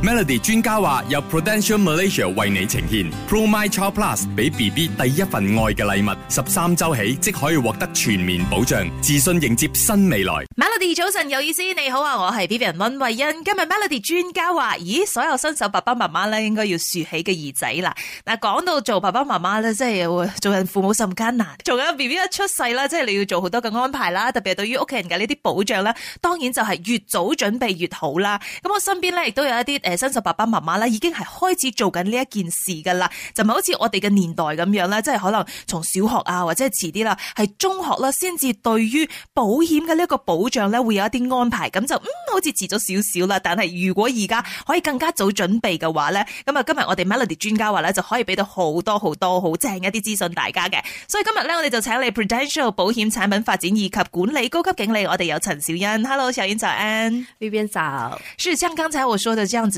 Melody 專家話有 Prudential Malaysia 為你呈現 Pro My Child Plus 俾 BB 第一份愛嘅禮物，十三周起即可以獲得全面保障，自信迎接新未來。Melody 早晨有意思，你好啊，我係 B B 溫慧欣，今日 Melody 專家話，咦，所有新手爸爸媽媽咧，應該要豎起嘅耳仔啦。嗱，講到做爸爸媽媽咧，即係做人父母甚艱難。做緊 B B 一出世啦，即係你要做好多嘅安排啦，特別係對於屋企人嘅呢啲保障啦，當然就係越早準備越好啦。咁我身邊咧亦都有一啲。誒，新手爸爸媽媽咧，已經係開始做緊呢一件事噶啦，就唔係好似我哋嘅年代咁樣啦，即係可能從小學啊，或者係遲啲啦，係中學啦先至對於保險嘅呢一個保障咧，會有一啲安排。咁就嗯，好似遲咗少少啦。但係如果而家可以更加早準備嘅話咧，咁啊，今日我哋 Melody 專家話咧，就可以俾到好多好多好正一啲資訊大家嘅。所以今日咧，我哋就請你 Prudential 保險產品發展以及管理高級經理，我哋有陳小茵。Hello，小茵早安，呢邊早。是像剛才我說嘅這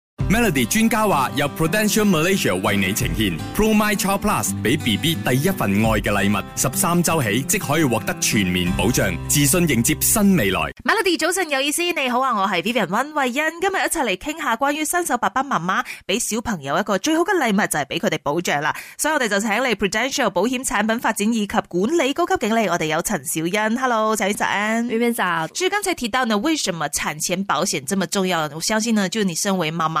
Melody 專家話有 Prudential Malaysia 為你呈現 Pro My Child Plus 俾 B B 第一份愛嘅禮物，十三周起即可以獲得全面保障，自信迎接新未來。Melody 早晨有意思，你好啊，我係 Vivian 溫慧欣，今日一齊嚟傾下關於新手爸爸媽媽俾小朋友一個最好嘅禮物就係俾佢哋保障啦，所以我哋就請嚟 Prudential 保險產品發展以及管理高級經理，我哋有陳小茵，Hello，早安，早安，早。最近剛才提到呢，為什麼產前保險這麼重要？我相信呢，就你身為媽媽。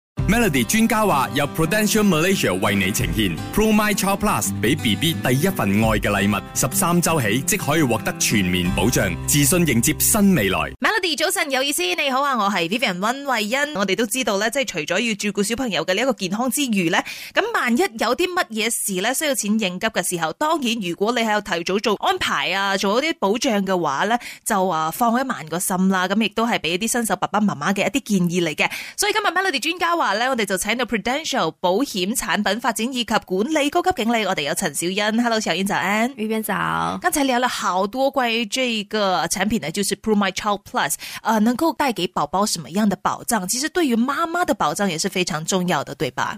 Melody 專家話由 Prudential Malaysia 為你呈現 Pro My Child Plus 俾 BB 第一份愛嘅禮物，十三周起即可以獲得全面保障，自信迎接新未來。Melody 早晨有意思，你好啊，我係 Vivian 温慧欣。我哋都知道咧，即係除咗要照顧小朋友嘅呢一個健康之餘咧，咁萬一有啲乜嘢事咧需要錢應急嘅時候，當然如果你係有提早做安排啊，做一啲保障嘅話咧，就話放一萬個心啦。咁亦都係俾一啲新手爸爸媽媽嘅一啲建議嚟嘅。所以今日 Melody 專家話。好來我哋就請到 Prudential 保險產品發展以及管理高級經理，我哋有陳小茵，Hello，小茵早安，邊邊早。剛才聊了好多關於這個產品呢，就是 Pro My Child Plus，啊、呃，能夠帶給寶寶什麼樣的保障？其實對於媽媽的保障也是非常重要的，對吧？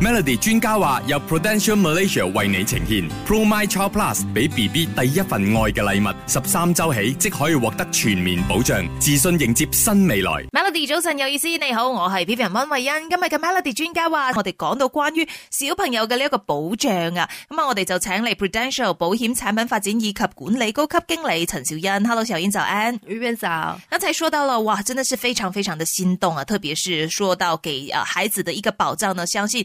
Melody 專家話由 Prudential Malaysia 為你呈現 Pro My Child Plus 俾 BB 第一份愛嘅禮物，十三周起即可以獲得全面保障，自信迎接新未來。Melody 早晨有意思，你好，我係 Vivian 溫慧欣，今日嘅 Melody 專家話我哋講到關於小朋友嘅呢一個保障啊，咁啊我哋就請嚟 Prudential 保險產品發展以及管理高級經理陳小茵。Hello 小茵就 Ann，你好就剛才說到了哇，真的是非常非常的心動啊，特別是說到給啊孩子嘅一個保障呢，相信。